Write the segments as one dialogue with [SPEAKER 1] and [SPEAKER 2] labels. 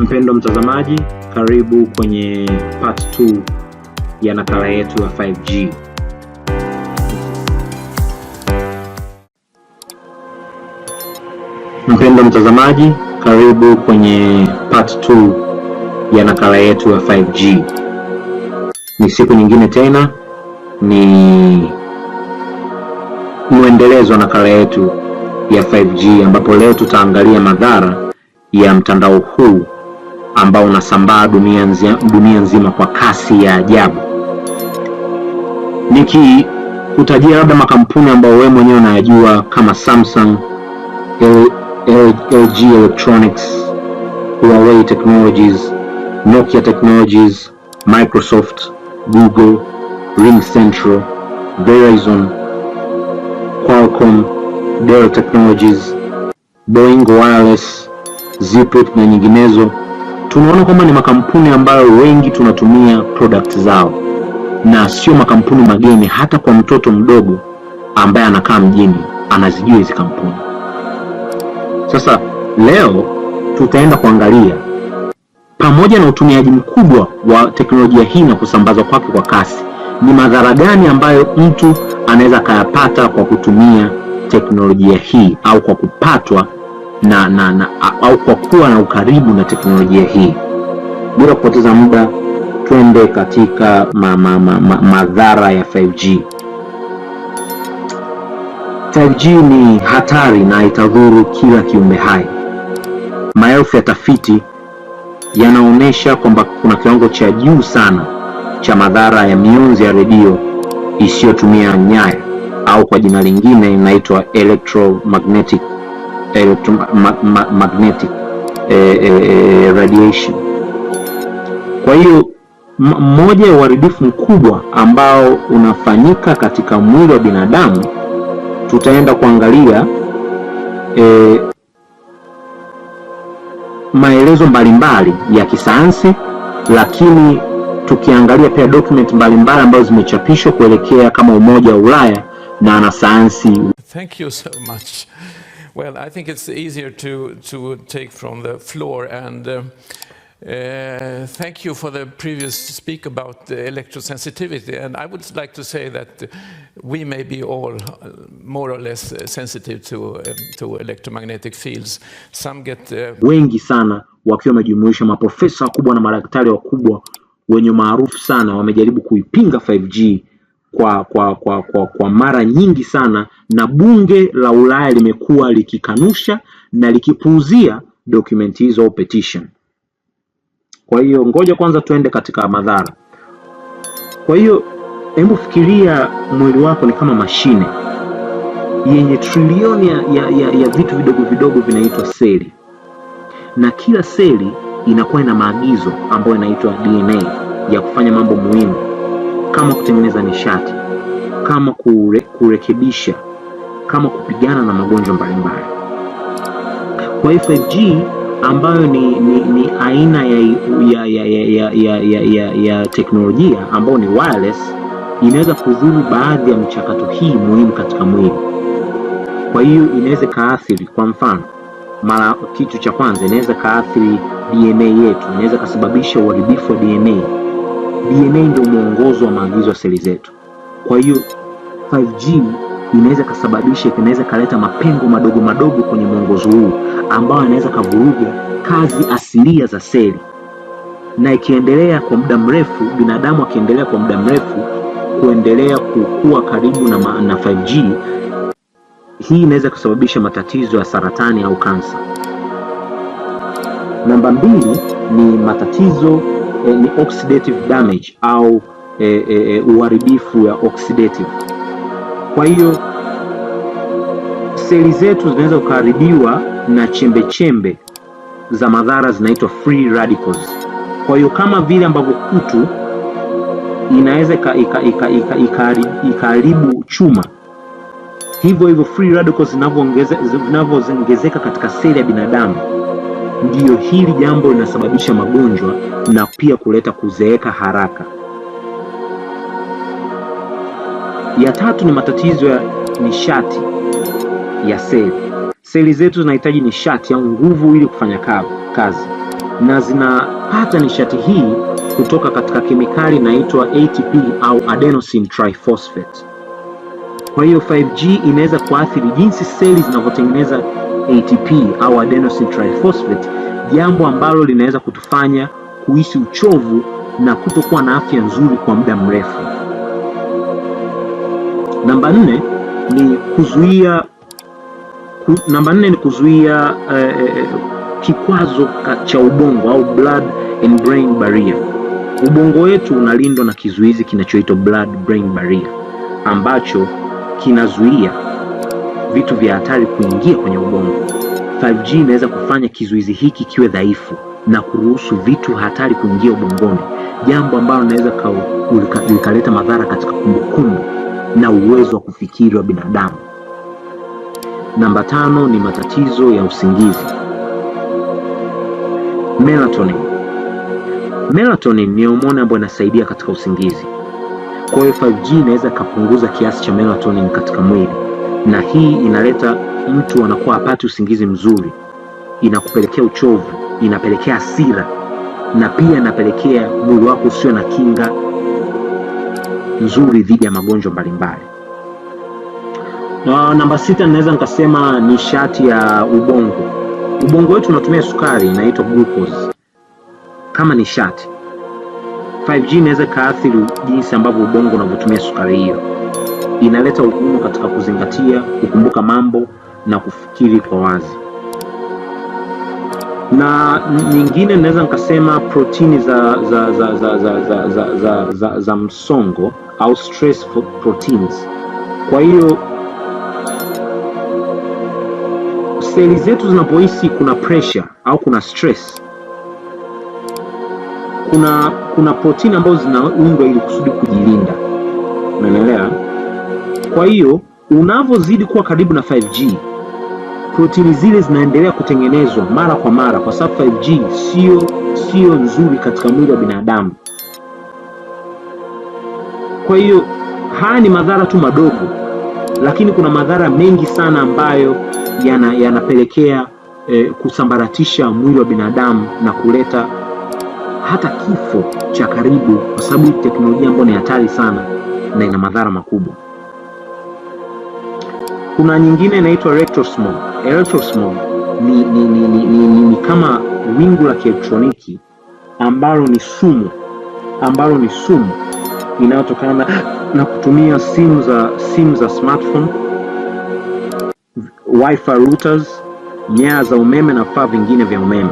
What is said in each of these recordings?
[SPEAKER 1] Mpendo mtazamaji, karibu kwenye part 2 ya nakala yetu ya 5G. Mpendo mtazamaji, karibu kwenye part 2 ya nakala yetu ya 5G. Ni siku nyingine tena, ni mwendelezo wa nakala yetu ya 5G ambapo leo tutaangalia madhara ya mtandao huu ambao unasambaa dunia nzima, dunia nzima kwa kasi ya ajabu. Nikikutajia labda makampuni ambayo wewe mwenyewe unayajua kama Samsung, LG Electronics, Huawei Technologies, Nokia Technologies, Microsoft, Google, Ring Central, Verizon, Qualcomm, Dell Technologies, Boeing Wireless, Ziprit na nyinginezo tunaona kwamba ni makampuni ambayo wengi tunatumia product zao na sio makampuni mageni. Hata kwa mtoto mdogo ambaye anakaa mjini anazijua hizi kampuni. Sasa leo tutaenda kuangalia pamoja na utumiaji mkubwa wa teknolojia hii na kusambazwa kwake kwa kasi, ni madhara gani ambayo mtu anaweza akayapata kwa kutumia teknolojia hii au kwa kupatwa na, na, na au kwa kuwa na ukaribu na teknolojia hii. Bila kupoteza muda, twende katika ma, ma, ma, ma, madhara ya 5G. 5G ni hatari na itadhuru kila kiumbe hai. Maelfu ya tafiti yanaonyesha kwamba kuna kiwango cha juu sana cha madhara ya mionzi ya redio isiyotumia nyaya au kwa jina lingine inaitwa electromagnetic electromagnetic eh, eh, eh, radiation. Kwa hiyo mmoja ya uharibifu mkubwa ambao unafanyika katika mwili wa binadamu tutaenda kuangalia e, maelezo mbalimbali ya kisayansi, lakini tukiangalia pia document mbalimbali ambazo zimechapishwa kuelekea kama Umoja wa Ulaya na wanasayansi.
[SPEAKER 2] Thank you so much. Well, I think it's easier to, to take from the floor and uh, uh, thank you for the previous speak about the electrosensitivity. And I would like to say that we may be all uh, more or less sensitive to, um, to electromagnetic fields. Some get, uh...
[SPEAKER 1] wengi sana wakiwa wamejumuisha maprofesa wakubwa na madaktari wakubwa wenye maarufu sana wamejaribu kuipinga 5G kwa kwa, kwa kwa kwa mara nyingi sana, na bunge la Ulaya limekuwa likikanusha na likipuuzia document hizo petition. Kwa hiyo ngoja kwanza tuende katika madhara. Kwa hiyo hebu fikiria mwili wako ni kama mashine yenye trilioni ya, ya, ya, ya vitu vidogo vidogo vinaitwa seli, na kila seli inakuwa ina maagizo ambayo inaitwa DNA ya kufanya mambo muhimu kama kutengeneza nishati, kama kure, kurekebisha, kama kupigana na magonjwa mbalimbali. Kwa hiyo 5G ambayo ni, ni, ni aina ya, ya, ya, ya, ya, ya, ya, ya teknolojia ambayo ni wireless inaweza kudhuru baadhi ya mchakato hii muhimu katika mwili. Kwa hiyo inaweza kaathiri, kwa mfano, mara kitu cha kwanza inaweza kaathiri DNA yetu, inaweza kasababisha uharibifu wa DNA DNA ndio mwongozo wa maagizo ya seli zetu. Kwa hiyo 5G inaweza kasababisha inaweza kaleta mapengo madogo madogo kwenye mwongozo huu ambao anaweza kavuruga kazi asilia za seli, na ikiendelea kwa muda mrefu, binadamu akiendelea kwa muda mrefu kuendelea kukua karibu na, na 5G hii inaweza kusababisha matatizo ya saratani au kansa. Namba mbili ni matatizo eh, ni oxidative damage au eh, eh, eh uharibifu ya oxidative. Kwa hiyo seli zetu zinaweza kuharibiwa na chembe chembe za madhara zinaitwa free radicals. Kwa hiyo kama vile ambavyo kutu inaweza ikaharibu chuma, hivyo hivyo free radicals zinavyoongezeka katika seli ya binadamu ndiyo hili jambo linasababisha magonjwa na pia kuleta kuzeeka haraka. Ya tatu ni matatizo ya nishati ya seli. Seli zetu zinahitaji nishati au nguvu ili kufanya kazi, na zinapata nishati hii kutoka katika kemikali inaitwa ATP au adenosine triphosphate. Kwa hiyo 5G inaweza kuathiri jinsi seli zinavyotengeneza ATP au adenosine triphosphate, jambo ambalo linaweza kutufanya kuhisi uchovu na kutokuwa na afya nzuri kwa muda mrefu. Namba nne ni kuzuia ku, namba nne ni kuzuia eh, eh kikwazo cha ubongo au blood and brain barrier. Ubongo wetu unalindwa na kizuizi kinachoitwa blood brain barrier ambacho kinazuia vitu vya hatari kuingia kwenye ubongo. 5G inaweza kufanya kizuizi hiki kiwe dhaifu na kuruhusu vitu hatari kuingia ubongoni, jambo ambalo linaweza likaleta madhara katika kumbukumbu na uwezo wa kufikiri wa binadamu. Namba tano ni matatizo ya usingizi. Melatonin. Melatonin ni homoni ambayo inasaidia katika usingizi. Kwa hiyo 5G inaweza ikapunguza kiasi cha melatonin katika mwili na hii inaleta mtu anakuwa apate usingizi mzuri, inakupelekea uchovu, inapelekea hasira na pia inapelekea mwili wako usio na kinga nzuri dhidi ya magonjwa mbalimbali. Uh, namba sita ninaweza nikasema nishati ya ubongo. Ubongo wetu unatumia sukari inaitwa glucose kama nishati. 5G inaweza ikaathiri jinsi ambavyo ubongo unavyotumia sukari hiyo inaleta ugumu katika kuzingatia, kukumbuka mambo na kufikiri kwa wazi. Na nyingine naweza nikasema protini za za za za za za za za za za msongo au stress proteins. Kwa hiyo seli zetu zinapohisi kuna pressure au kuna stress, kuna kuna protini ambazo zinaundwa ili kusudi kujilinda, unaelewa? Kwa hiyo unavyozidi kuwa karibu na 5G protini zile zinaendelea kutengenezwa mara kwa mara, kwa sababu 5G sio sio nzuri katika mwili wa binadamu. Kwa hiyo haya ni madhara tu madogo, lakini kuna madhara mengi sana ambayo yanapelekea yana eh, kusambaratisha mwili wa binadamu na kuleta hata kifo cha karibu, kwa sababu teknolojia ambayo ni hatari sana na ina madhara makubwa. Kuna nyingine inaitwa electrosmog. Electrosmog ni, ni, ni, ni, ni, ni, ni kama wingu la kielektroniki ambalo ni sumu ambalo ni sumu inayotokana na, na kutumia simu za simu za smartphone, wifi routers, nyaya za umeme na vifaa vingine vya umeme.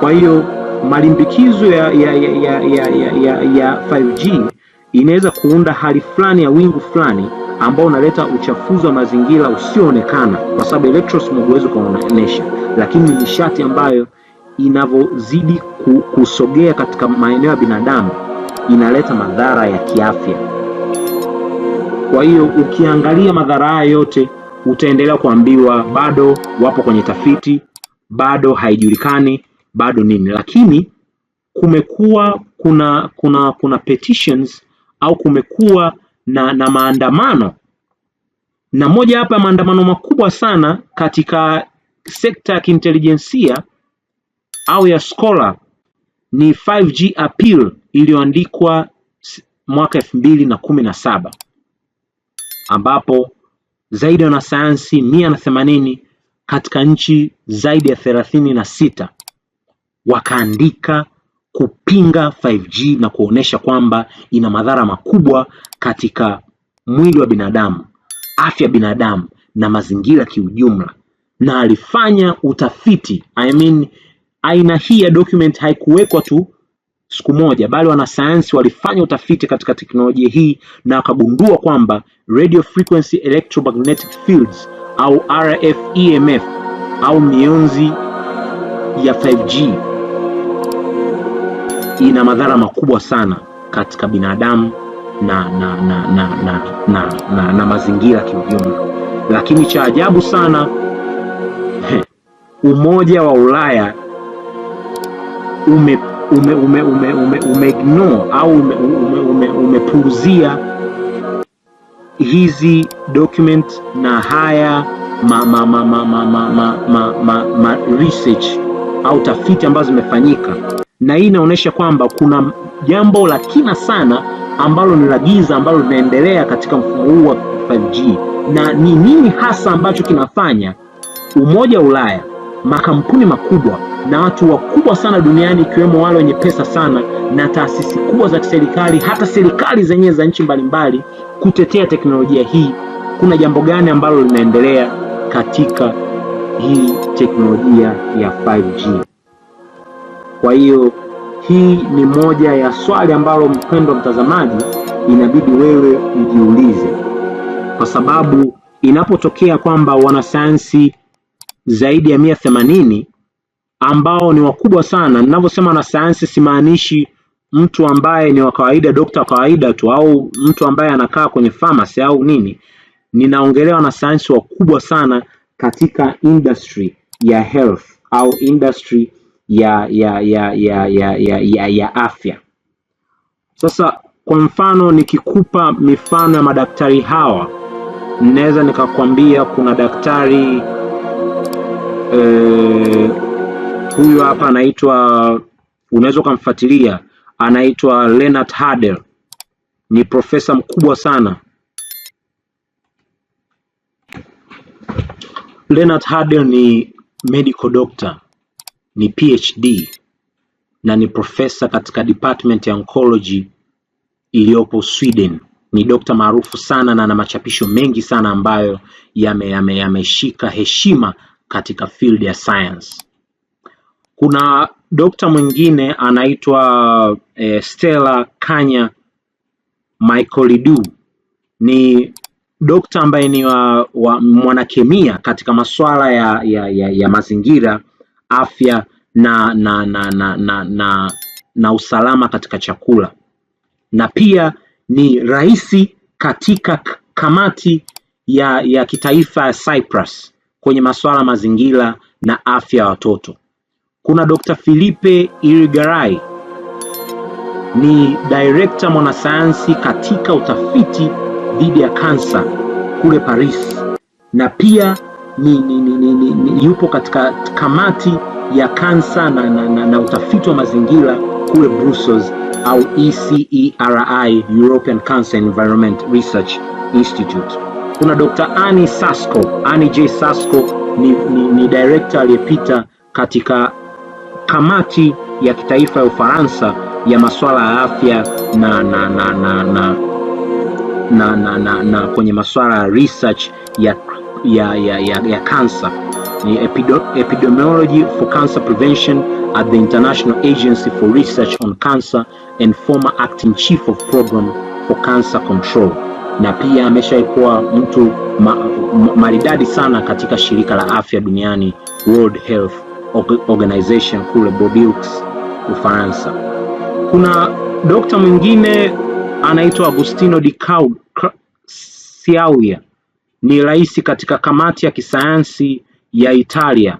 [SPEAKER 1] Kwa hiyo malimbikizo ya, ya, ya, ya, ya, ya, ya 5G inaweza kuunda hali fulani ya wingu fulani ambao unaleta uchafuzi wa mazingira usioonekana, kwa sababu electrosmog huwezi ukaonesha, lakini nishati ambayo inavyozidi kusogea katika maeneo ya binadamu inaleta madhara ya kiafya. Kwa hiyo ukiangalia madhara haya yote, utaendelea kuambiwa bado wapo kwenye tafiti, bado haijulikani, bado nini, lakini kumekuwa kuna kuna kuna petitions au kumekuwa na, na maandamano na moja hapa ya maandamano makubwa sana katika sekta ya kiintelijensia au ya Scholar ni 5G Appeal iliyoandikwa mwaka elfu mbili na kumi na saba ambapo zaidi ya wanasayansi mia na themanini katika nchi zaidi ya thelathini na sita wakaandika kupinga 5G na kuonesha kwamba ina madhara makubwa katika mwili wa binadamu, afya binadamu na mazingira kiujumla, na alifanya utafiti I mean, aina hii ya document haikuwekwa tu siku moja, bali wanasayansi walifanya utafiti katika teknolojia hii na wakagundua kwamba radio frequency electromagnetic fields au RF EMF au mionzi ya 5G ina madhara makubwa sana katika binadamu na na na na na, na, na, na mazingira kiujumla. Lakini cha ajabu sana he, Umoja wa Ulaya ume ume ume ume ume ume au umepuuzia ume, ume, ume hizi document na haya ma, ma, ma, ma, ma, ma, ma research au tafiti ambazo zimefanyika na hii inaonyesha kwamba kuna jambo la kina sana ambalo ni la giza ambalo linaendelea katika mfumo huu wa 5G. Na ni nini hasa ambacho kinafanya Umoja wa Ulaya, makampuni makubwa na watu wakubwa sana duniani ikiwemo wale wenye pesa sana na taasisi kubwa za kiserikali, hata serikali zenyewe za nchi mbalimbali kutetea teknolojia hii? Kuna jambo gani ambalo linaendelea katika hii teknolojia ya 5G? Kwa hiyo hii ni moja ya swali ambalo, mpendwa mtazamaji, inabidi wewe ujiulize, kwa sababu inapotokea kwamba wanasayansi zaidi ya mia themanini ambao ni wakubwa sana. Ninavyosema sayansi simaanishi mtu ambaye ni wa kawaida, dokta wa kawaida tu, au mtu ambaye anakaa kwenye pharmacy au nini. Ninaongelea sayansi wakubwa sana katika industry ya health au industry ya ya ya ya ya ya ya ya afya. Sasa kwa mfano, nikikupa mifano ya madaktari hawa, ninaweza nikakwambia kuna daktari e, huyu hapa anaitwa, unaweza ukamfuatilia, anaitwa Leonard Hadel, ni profesa mkubwa sana Leonard Hadel ni medical doctor ni PhD na ni profesa katika department ya oncology iliyopo Sweden. Ni dokta maarufu sana na ana machapisho mengi sana ambayo yameshika yame, yame heshima katika field ya science. Kuna dokta mwingine anaitwa eh, Stella Kanya Michaelidou ni dokta ambaye ni wa, wa mwanakemia katika masuala ya, ya, ya, ya mazingira afya na na na na, na, na, na usalama katika chakula na pia ni rais katika kamati ya, ya kitaifa ya Cyprus kwenye masuala mazingira na afya ya watoto. Kuna Dr. Philippe Irigaray ni director mwanasayansi katika utafiti dhidi ya kansa kule Paris na pia ni, ni, ni, ni, ni, ni, yupo katika kamati ya kansa na, na, na, na utafiti wa mazingira kule Brussels au ECERI, European Cancer Environment Research Institute. Kuna Dr. Ani Sasko. Ani J. Sasko ni, ni, ni director aliyepita katika kamati ya kitaifa ya Ufaransa ya masuala ya afya na, na, na, na, na, na, na, na, na kwenye masuala ya research ya ya, ya, ya, ya cancer ni Epidemiology for Cancer Prevention at the International Agency for Research on Cancer and former acting chief of program for cancer control, na pia ameshaikuwa mtu ma, ma, maridadi sana katika shirika la afya duniani World Health Organization kule Bordeaux, Ufaransa. Kuna dokta mwingine anaitwa Agustino de Ciaulia ni rais katika kamati ya kisayansi ya Italia,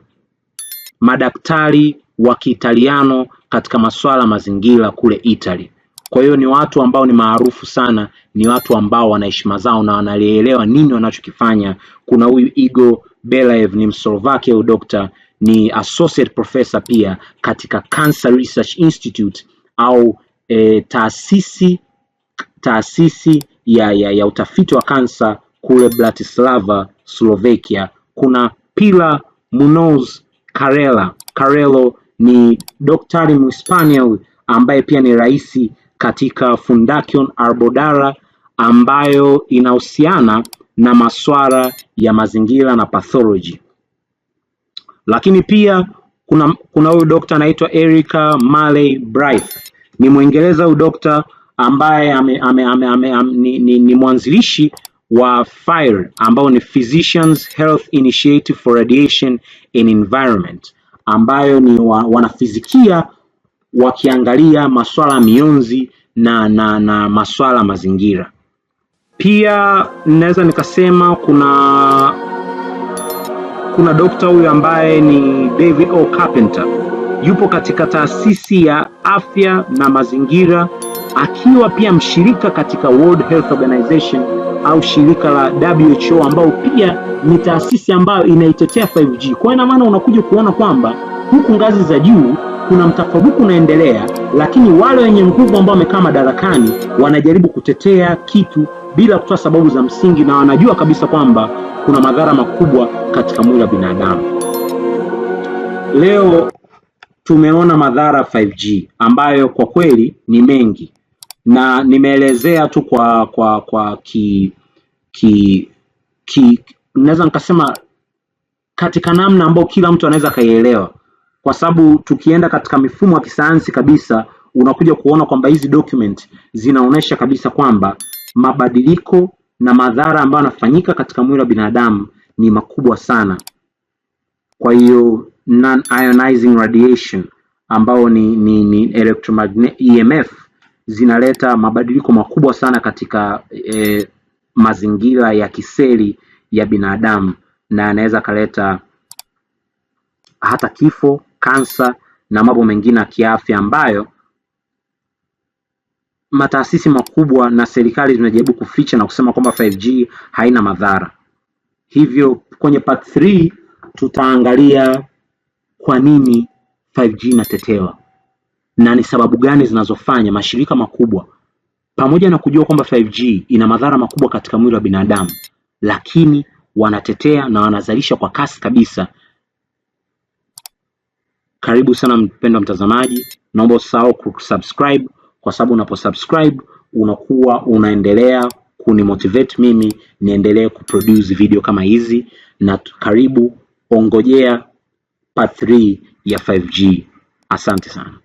[SPEAKER 1] madaktari wa Kiitaliano katika masuala mazingira kule Italy. Kwa hiyo ni watu ambao ni maarufu sana, ni watu ambao wana heshima zao na wanalielewa nini wanachokifanya. Kuna huyu Igor Belaev ni Mslovakia, huyu dokta ni associate professor pia katika Cancer Research Institute au e, taasisi taasisi ya, ya, ya utafiti wa kansa kule Bratislava, Slovakia. Kuna Pilar Munoz Carrera. Carrero ni daktari Mhispania ambaye pia ni rais katika fundacion arbodara ambayo inahusiana na masuala ya mazingira na pathology. Lakini pia kuna kuna huyu dokta anaitwa Erica Marley Bright, ni Mwingereza huyu dokta ambaye ame, ame, ame, ame, ame, ni, ni, ni mwanzilishi wa FIRE ambao ni Physicians Health Initiative for Radiation in Environment, ambayo ni wa, wanafizikia wakiangalia masuala ya mionzi na, na, na masuala mazingira. Pia naweza nikasema kuna kuna dokta huyu ambaye ni David O Carpenter yupo katika taasisi ya afya na mazingira akiwa pia mshirika katika World Health Organization au shirika la WHO ambao pia ni taasisi ambayo inaitetea 5G. Kwa ina maana unakuja kuona kwamba huku ngazi za juu kuna mtafaruku unaendelea, lakini wale wenye nguvu ambao wamekaa madarakani wanajaribu kutetea kitu bila kutoa sababu za msingi, na wanajua kabisa kwamba kuna madhara makubwa katika mwili wa binadamu. Leo tumeona madhara 5G ambayo kwa kweli ni mengi na nimeelezea tu kwa kwa kwa ki, ki, ki naweza nikasema katika namna ambayo kila mtu anaweza akaielewa, kwa sababu tukienda katika mifumo ya kisayansi kabisa unakuja kuona kwamba hizi document zinaonyesha kabisa kwamba mabadiliko na madhara ambayo yanafanyika katika mwili wa binadamu ni makubwa sana. Kwa hiyo non-ionizing radiation ambayo ni, ni, ni electromagnetic EMF zinaleta mabadiliko makubwa sana katika e, mazingira ya kiseli ya binadamu na anaweza akaleta hata kifo, kansa na mambo mengine ya kiafya ambayo mataasisi makubwa na serikali zinajaribu kuficha na kusema kwamba 5G haina madhara. Hivyo kwenye part 3 tutaangalia kwa nini 5G inatetewa na ni sababu gani zinazofanya mashirika makubwa pamoja na kujua kwamba 5G ina madhara makubwa katika mwili wa binadamu, lakini wanatetea na wanazalisha kwa kasi kabisa. Karibu sana mpendwa mtazamaji, naomba usahau kusubscribe kwa sababu unaposubscribe unakuwa unaendelea kunimotivate mimi niendelee kuproduce video kama hizi, na karibu ongojea part 3 ya 5G. Asante sana.